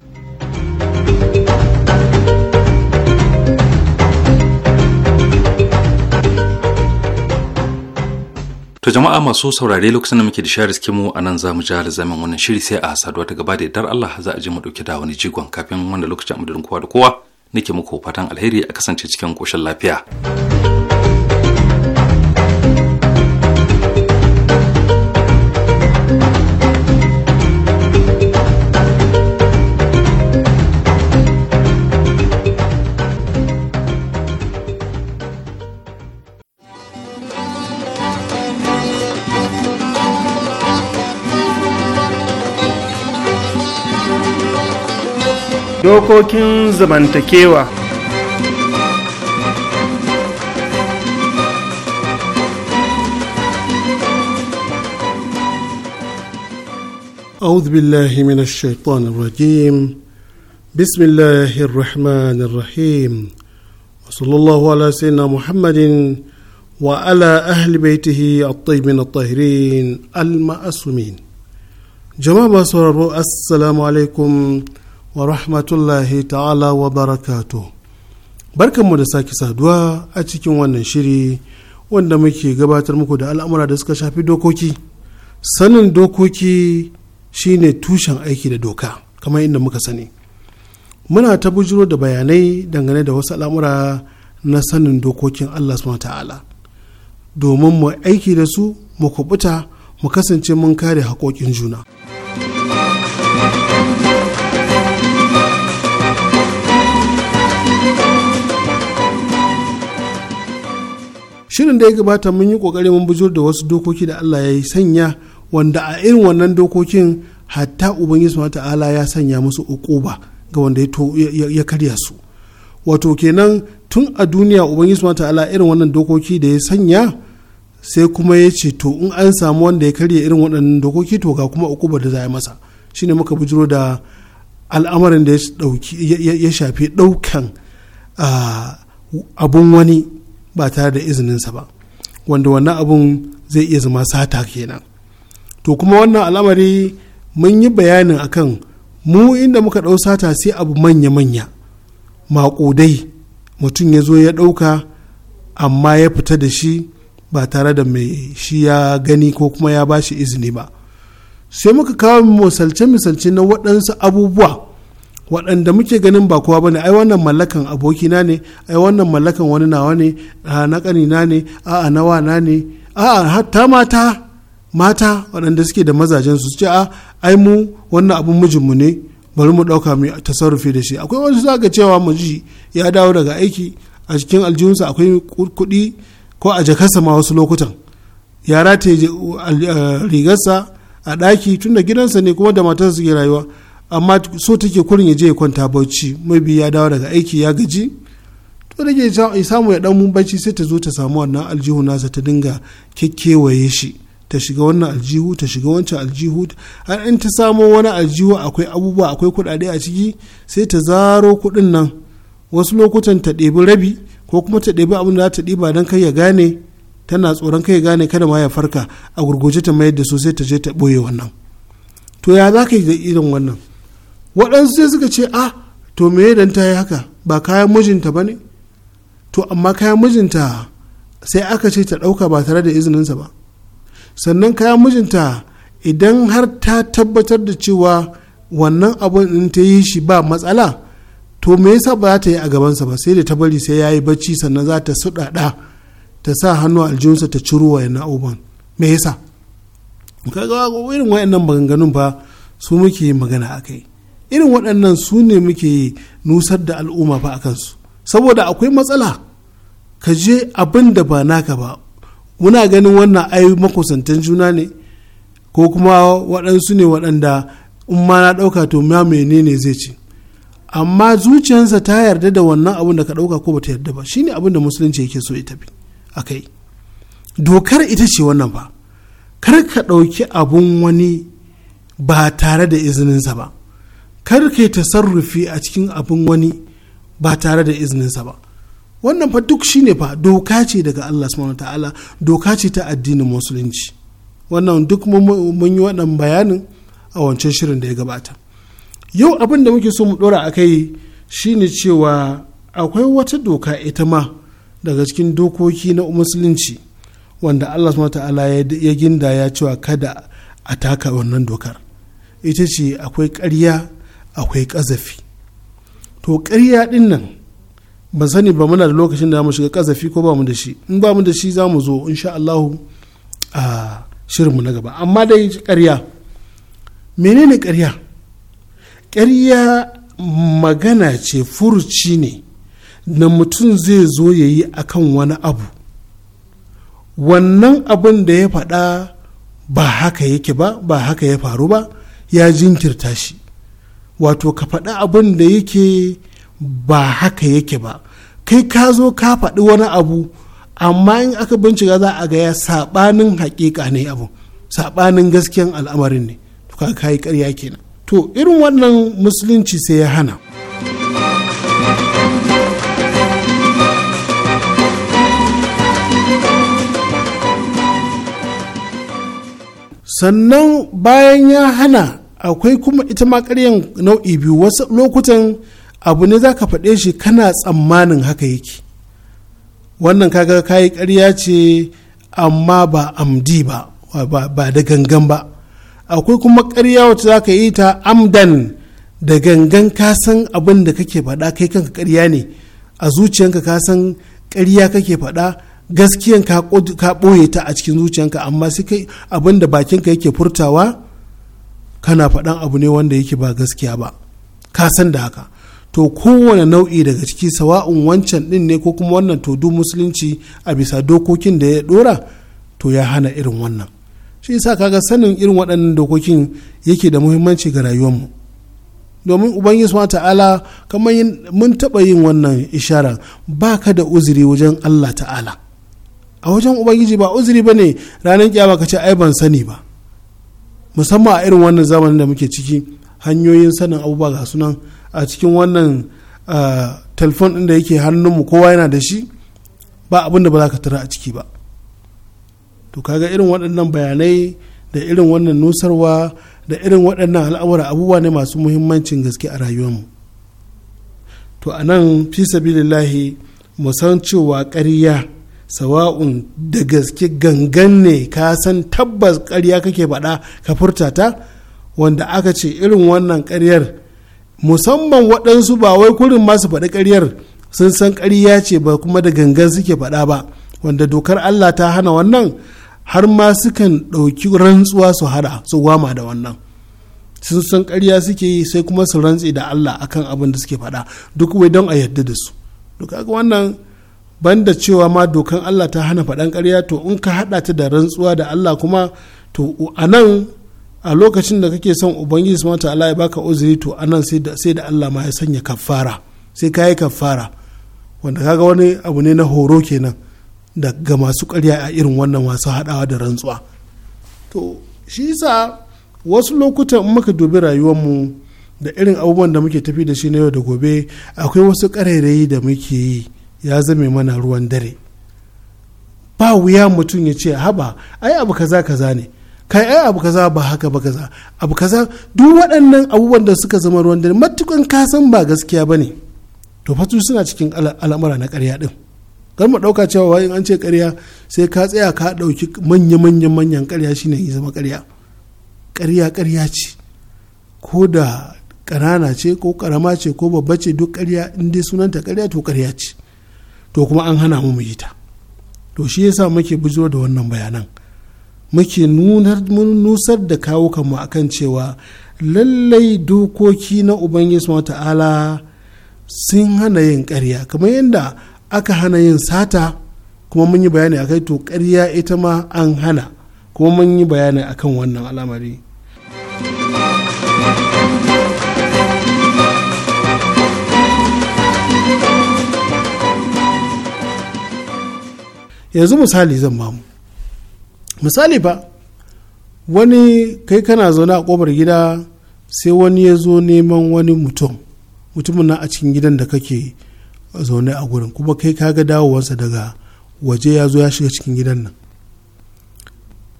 S3: To jama'a masu saurare lokacin da muke da share mu a nan zamu ji zamin wannan shiri sai a saduwa ta gaba da dar Allah za a ji mu ɗauki da wani jigon kafin wanda lokacin mu da kowa da kowa nake muku fatan alheri a kasance cikin koshin lafiya.
S4: dokokin zamantakewa أعوذ بالله من الشيطان الرجيم بسم الله الرحمن الرحيم وصلى الله على سيدنا محمد وعلى أهل بيته الطيبين الطاهرين المأسومين جماعة masu sauraro wa rahmatullahi ta'ala wa barakatu barkanmu da sake saduwa a cikin wannan shiri wanda muke gabatar muku da al'amura da suka shafi dokoki sanin dokoki shine tushen aiki da doka kamar inda muka sani muna ta bujiro da bayanai dangane da wasu al'amura na sanin dokokin allah subhanahu ta'ala domin mu aiki da su mu kubuta mu kasance mun kare haƙoƙin juna. shirin da ya gabata mun yi kokari mun bujur da wasu dokoki da Allah ya yi sanya wanda a irin wannan dokokin hatta ubangiji subhanahu ta'ala ya sanya musu ukuba ga wanda ya karya su wato kenan tun a duniya ubangiji subhanahu ta'ala irin wannan dokoki da ya sanya sai kuma ya ce to in an samu wanda ya karya irin waɗannan dokoki to ga kuma ukuba da za a masa shine muka bujuro da al'amarin da ya shafi ɗaukan ah, abun wani ba tare da izininsa ba wanda wannan abun zai iya zama sata kenan to kuma wannan al'amari mun yi bayanin akan mu inda muka ɗau sata sai abu manya-manya maƙudai mutum ya zo ya ɗauka amma ya fita da shi ba tare da mai shi ya gani ko kuma ya ba shi izini ba sai muka kawo misalce-misalce na waɗansu abubuwa waɗanda muke ganin ba kowa bane ai wannan mallakan abokina ne ai wannan mallakan wani nawa ne na ƙanina ne a'a na wana ne a'a hatta mata mata waɗanda suke da mazajen su ce a ai mu wannan abun mijin mu ne bari mu ɗauka mu tasarrufi da shi akwai wasu zaka cewa miji ya dawo daga aiki a cikin aljihunsa akwai kuɗi ko a jakarsa ma wasu lokutan ya rataye rigarsa a ɗaki tun da gidansa ne kuma da matarsa suke rayuwa amma so take kurin ya je ya kwanta bauchi mabi ya dawo daga aiki ya gaji to da ya samu ya dan bacci sai ta zo ta samu wannan aljihu nasa ta dinga kekkewaye shi ta shiga wannan aljihu ta shiga wancan aljihu har in ta samo wani aljihu akwai abubuwa akwai kuɗaɗe a ciki sai ta zaro kuɗin nan wasu lokutan ta ɗebi rabi ko kuma ta ɗebi abin da za ta ɗiba don kai ya gane tana tsoron kai ya gane kada ma ya farka a gurguje ta mayar da su sai ta je ta ɓoye wannan to ya za ka yi da irin wannan waɗansu sai suka ce a ah, to me dan ta yi haka ba kayan mijinta ba ne to amma kayan mijinta sai aka ce ta ɗauka ba tare da izininsa ba sannan kayan mijinta idan har ta tabbatar da cewa wannan abun in ta yi shi ba matsala to me yasa ba za ta yi a gabansa ba sai da ta bari sai ya yi bacci sannan za ta suɗaɗa ta sa hannu a aljihunsa ta ciro wa yana uban me yasa kaga irin wayannan maganganun ba su muke magana akai irin waɗannan su ne muke nusar da al'umma fa a kansu saboda akwai matsala ka je abin da ba naka ba muna ganin wannan ai makusantan juna ne ko kuma waɗansu ne waɗanda in na ɗauka to ma menene zai ce amma zuciyarsa ta yarda da wannan abin da ka ɗauka ko bata yarda ba shine abin da musulunci yake so ita bi akai dokar ita ce wannan ba kar ka ɗauki abun wani ba tare da izininsa ba kar kai tasarrufi a cikin abin wani ba tare da izininsa ba wannan fa duk shine fa doka ce daga Allah subhanahu ta'ala doka ce ta addinin musulunci wannan duk mun yi waɗannan bayanin a wancan shirin da ya gabata yau abin da muke so mu ɗora a kai shine cewa akwai wata doka ita ma daga cikin dokoki na musulunci wanda Allah subhanahu ta'ala ya ginda ya cewa kada a taka wannan dokar ita ce akwai karya. akwai ƙazafi to ƙarya ɗin nan ba sani ba muna da lokacin da mu shiga ƙazafi ko ba mu da shi in ba mu da shi za mu zo insha Allahu a mu na gaba amma dai ƙarya menene ƙarya ƙarya magana ce furuci ne na mutum zai zo ya yi akan wani abu wannan abin da ya faɗa ba haka yake ba ba haka ya faru ba ya jinkirta shi wato ka faɗi abin da yake ba haka yake ba kai ka zo ka faɗi wani abu amma in aka bincika za a gaya saɓanin haƙiƙa ne abu saɓanin gaskiyan al'amarin ne to ka kai ƙarya kenan to irin wannan musulunci sai ya hana sannan bayan ya hana akwai kuma ita ma karyan nau'i biyu wasu lokutan abu ne za ka faɗe shi kana tsammanin haka yake wannan kaga kayi karya ce amma ba amdi ba ba da gangan ba akwai kuma ƙarya wacce za ka yi ta amdan da gangan ka san abin da kake faɗa kai kanka karya ne a zuciyanka ka san karya kake faɗa gaskiyan ka ɓoye ta a cikin zuciyanka amma sai kai abin da bakinka yake furtawa kana faɗan abu ne wanda yake ba gaskiya ba ka san da haka to kowane nau'i daga ciki sawa'un wancan ɗin ne ko kuma wannan to du musulunci a bisa dokokin da ya ɗora to ya hana irin wannan shi yasa kaga sanin irin waɗannan dokokin yake da muhimmanci ga rayuwarmu domin ubangiji subhanahu ta'ala kamar mun taɓa yin wannan isharar baka da uzuri wajen Allah ta'ala a wajen ubangiji ba uzuri bane ranar kiyama ka ce ai ban sani ba musamman a irin wannan zamanin da muke ciki hanyoyin sanin abubuwa ga sunan a cikin wannan telefon ɗin da yake hannunmu kowa yana da shi ba abin da ba za ka tara a ciki ba to kaga irin waɗannan bayanai da irin wannan nusarwa da irin waɗannan al'amura abubuwa ne masu muhimmancin gaske a rayuwar mu? to a nan fi sabilillahi mu san cewa ƙarya sawa'un da gaske gangan ne ka san tabbas karya kake faɗa ka furta ta wanda aka ce irin wannan karyar musamman waɗansu ba wai kurin masu faɗi karyar sun san ƙarya ce ba kuma da gangan suke faɗa ba wanda dokar Allah ta hana wannan har ma sukan ɗauki rantsuwa su hada su gwama da wannan sun san ƙarya suke yi sai kuma su rantse da Allah akan abin da suke faɗa duk wai don a yarda da su duk wannan banda cewa ma dokan Allah ta hana faɗan ƙarya to in ka haɗa ta da rantsuwa da Allah kuma to a nan a lokacin da kake son ubangiji mata Allah ya baka uzuri to a nan sai da Allah ma ya sanya kafara sai ka yi kafara wanda kaga wani abu ne na horo kenan daga masu ƙarya a irin wannan wasu haɗawa da rantsuwa to shi sa wasu lokutan in muka dubi rayuwarmu da irin abubuwan da muke tafi da shi na yau da gobe akwai wasu ƙarairayi da muke yi ya zame mana ruwan dare ba wuya mutum ya ce haba ai abu kaza kaza ne kai ai abu kaza ba haka ba kaza abu kaza duk waɗannan abubuwan da suka zama ruwan dare matukan san ba gaskiya ba ne to fatu suna cikin al'amura na ƙarya ɗin kar mu ɗauka cewa in an ce ƙarya sai ka tsaya ka ɗauki manya-manyan manyan ƙarya shine ya zama ƙarya ƙarya ƙarya ce ko da ƙanana ce ko ƙarama ce ko babba ce duk ƙarya in dai sunanta ƙarya to ƙarya ce to kuma an hana mu yi ta to shi yasa muke bujo da wannan bayanan muke nusar da kawo kanmu kan cewa lallai dokoki na ubangiji ta'ala sun hana yin karya. kamar yadda aka hana yin sata kuma mun yi bayani a kai, to karya ita ma an hana kuma mun yi bayani akan wannan al'amari yanzu misali zan mamu misali ba wani kai kana zaune a ƙofar gida sai wani ya zo neman wani mutum mutumin na a cikin gidan da kake zaune a gurin kuma kai ka ga dawowarsa daga waje ya zo ya shiga cikin gidan nan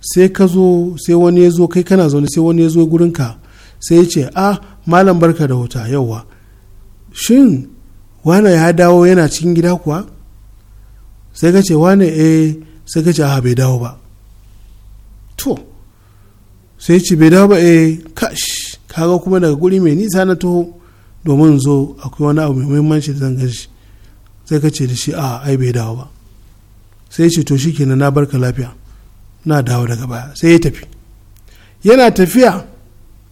S4: sai ka zo sai wani ya zo kai kana zaune sai wani ya zo gurinka sai ya ce a ah, malam barka da wuta yauwa shin wana ya dawo yana cikin gida kuwa sai ka ce wane eh sai ka ce a bai dawo ba to sai ce bai dawo ba eh kash kaga kuma daga guri mai nisa na taho domin zo akwai wani abu mai muhimmanci da zan gashi sai ka ce da shi a ai bai dawo ba sai ce to shikenan na barka lafiya na dawo daga baya sai ya tafi yana tafiya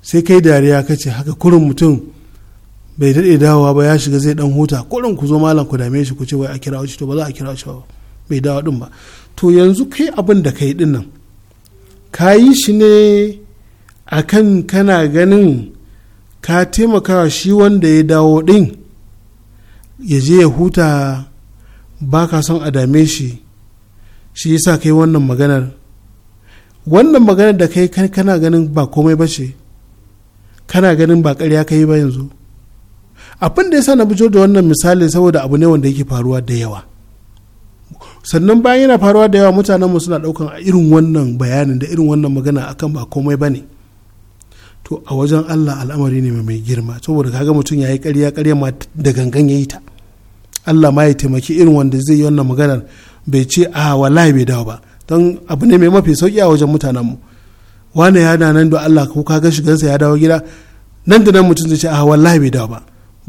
S4: sai kai dariya ka ce haka kurin mutum bai daɗe dawowa ba ya shiga zai dan huta kurin ku zo malam ku dame shi ku ce wai a kira shi to ba za a kira shi ba bai dawo ɗin ba to yanzu kai abin da kai ɗin nan ka yi shi ne akan kana ganin ka taimaka shi wanda ya dawo ɗin ya je ya huta ba ka son a dame shi shi yasa kai wannan maganar wannan maganar da kai kana ganin ba komai ba ce kana ganin ba ƙarya ka yi ba yanzu abin da sa na bujo da wannan misali saboda abu ne wanda yake faruwa da yawa sannan bayan yana faruwa da yawa mutanenmu suna daukan irin wannan bayanin da irin wannan magana akan ba komai ba ne to a wajen allah al'amari ne mai girma saboda kaga mutum ya yi karya karya ma da gangan ya yi ta allah ma ya taimaki irin wanda zai yi wannan magana bai ce a wallahi bai dawo ba don abu ne mai mafi sauki a wajen mutanenmu wane ya nan da allah ko kaga shigansa ya dawo gida nan da nan mutum zai ce a wallahi bai dawo ba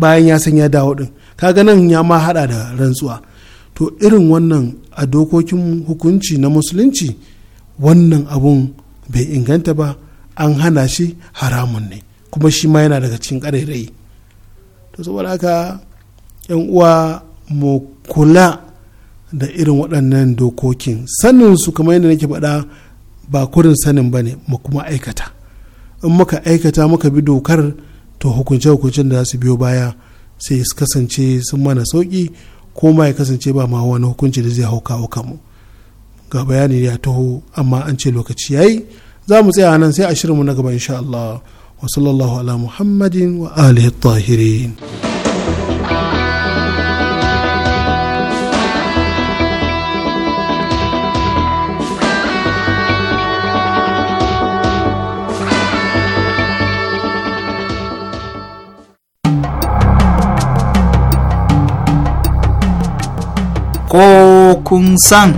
S4: bayan ya san ya dawo din kaga nan ya ma hada da rantsuwa to irin wannan a dokokin hukunci na musulunci wannan abun bai inganta ba an hana shi haramun ne kuma shi ma yana daga cikin ƙarairayi to saboda haka yan uwa mu kula da irin waɗannan dokokin sanin su kamar yadda nake faɗa ba kurin sanin ba ne mu kuma aikata in muka aikata muka bi dokar to hukunce-hukuncen da za su biyo baya sai su kasance sun mana sauki ko ma ya kasance ba ma wani hukunci da zai hauka hauka mu ga bayani ya taho amma an ce lokaci yayi za mu tsaya nan sai a shirinmu na gaba insha Allah wa ala muhammadin wa alihi tahirin
S8: ko kun san.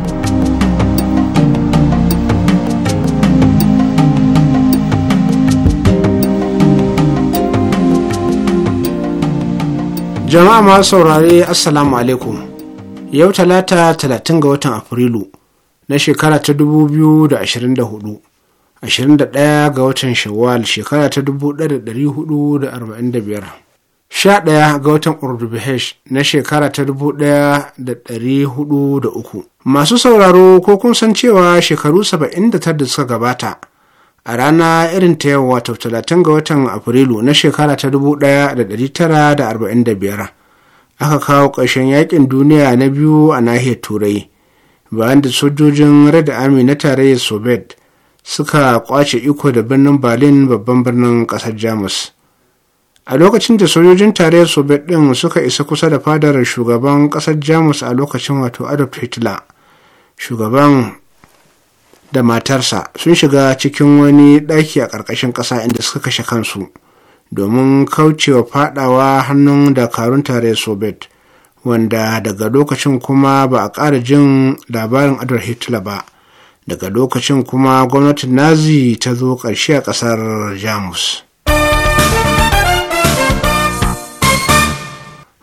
S1: Jama'a masu saurare Assalamu alaikum. Yau talata talatin ga watan Afrilu na shekara ta dubu biyu ɗaya ga watan Shawwal shekara ta dubu da ɗari biyar. 11 ga watan Urdubihesh na shekara ta da uku, Masu sauraro ko kun san cewa shekaru 79 da suka gabata a rana irin ta yau wato talatin ga watan Afrilu na shekara ta dubu da da ɗari tara arba'in biyar. aka kawo ƙarshen Yaƙin duniya na biyu a nahiyar Turai bayan da sojojin Red Army na tarayyar Soviet suka kwace iko da birnin Berlin babban birnin ƙasar Jamus. a lokacin da sojojin tarayyar soviet ɗin suka isa kusa da fadar shugaban ƙasar jamus a lokacin wato adolf hitler shugaban da matarsa sun shiga cikin wani ɗaki a ƙarƙashin ƙasa inda suka kashe kansu domin kaucewa fadawa hannun dakarun tarayyar soviet wanda daga lokacin kuma ba a ƙara jin labarin adolf hitler ba daga lokacin kuma gwamnatin nazi ta zo ƙarshe a ƙasar jamus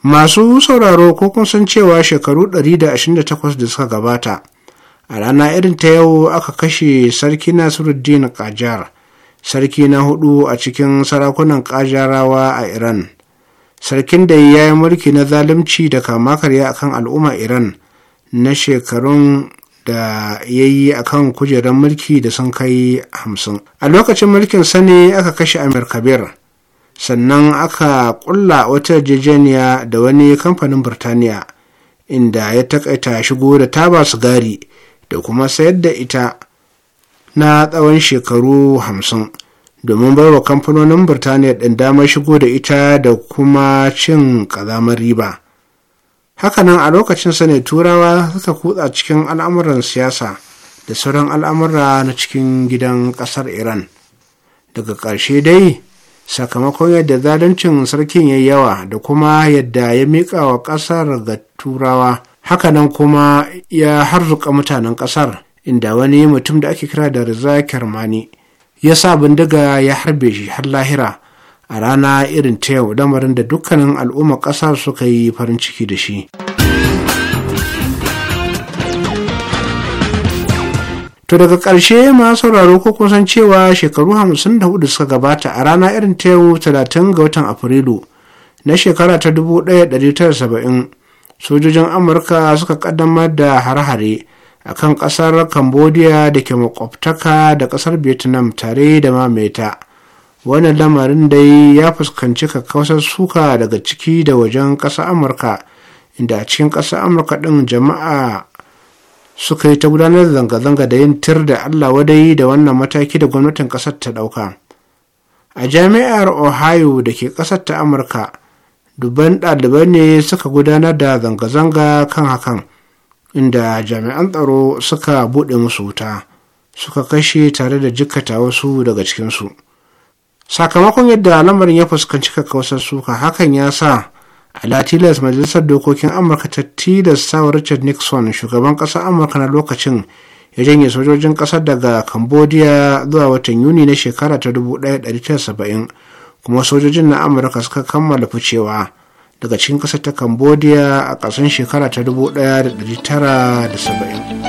S1: masu sauraro ko kun san cewa shekaru 128 da suka gabata a rana irin ta yau aka kashe sarki nasiruddin kajar sarki na hudu a cikin sarakunan kajarawa a iran sarkin da ya yi mulki na zalunci da kama karya akan al'umma iran na shekarun da ya yi a kan kujerar mulki da sun kai hamsin a lokacin mulkin sani aka kashe amir kabir sannan aka ƙulla wata jejeniya da wani kamfanin birtaniya inda ya takaita shigo da taba sigari da kuma sayar da ita na tsawon shekaru hamsin domin baiwa kamfanonin birtaniya ɗin damar shigo da ita da kuma cin ƙazamar riba hakanan a lokacin ne turawa suka kutsa cikin al'amuran siyasa da sauran al'amura na cikin gidan ƙasar iran daga ƙarshe dai sakamakon yadda zaluncin sarkin ya yawa da kuma yadda ya miƙa wa ƙasar ga turawa hakanan kuma ya harzuka mutanen ƙasar inda wani mutum da ake kira da riza kermani ya sa bindiga ya harbe shi har lahira a rana irin ta yau lamarin da dukkanin al'ummar ƙasar suka yi farin ciki da shi. To daga ƙarshe ma sauraro ko kusan cewa shekaru hamsin da hudu suka gabata a rana irin ta yau talatin ga watan Afrilu na shekara ta 1970 sojojin Amurka suka ƙaddamar da hare-hare a kan ƙasar Cambodia da ke makwabtaka da ƙasar Vietnam tare da mameta. Wannan lamarin dai ya fuskanci kakkausar suka daga ciki da wajen ƙasar Amurka inda a cikin ƙasar Amurka ɗin jama'a suka yi ta gudanar da zanga-zanga da yin tir da allah wadai da wannan mataki da gwamnatin ƙasar ta ɗauka a jami'ar ohio da ke ƙasar ta amurka dubban ɗaliban ne suka gudanar da zanga-zanga kan hakan inda jami'an tsaro suka buɗe musu wuta suka kashe tare da jikkata wasu daga cikinsu sakamakon yadda lamarin ya fuskanci kakkausar suka hakan ya sa ala tilas majalisar dokokin amurka ta tilasta wa richard nixon shugaban ƙasar amurka na lokacin ya janye sojojin ƙasar daga cambodia zuwa watan yuni na shekara ta 1970 kuma sojojin na amurka suka kammala ficewa daga cikin ƙasar ta cambodia a ƙasan shekara ta 1970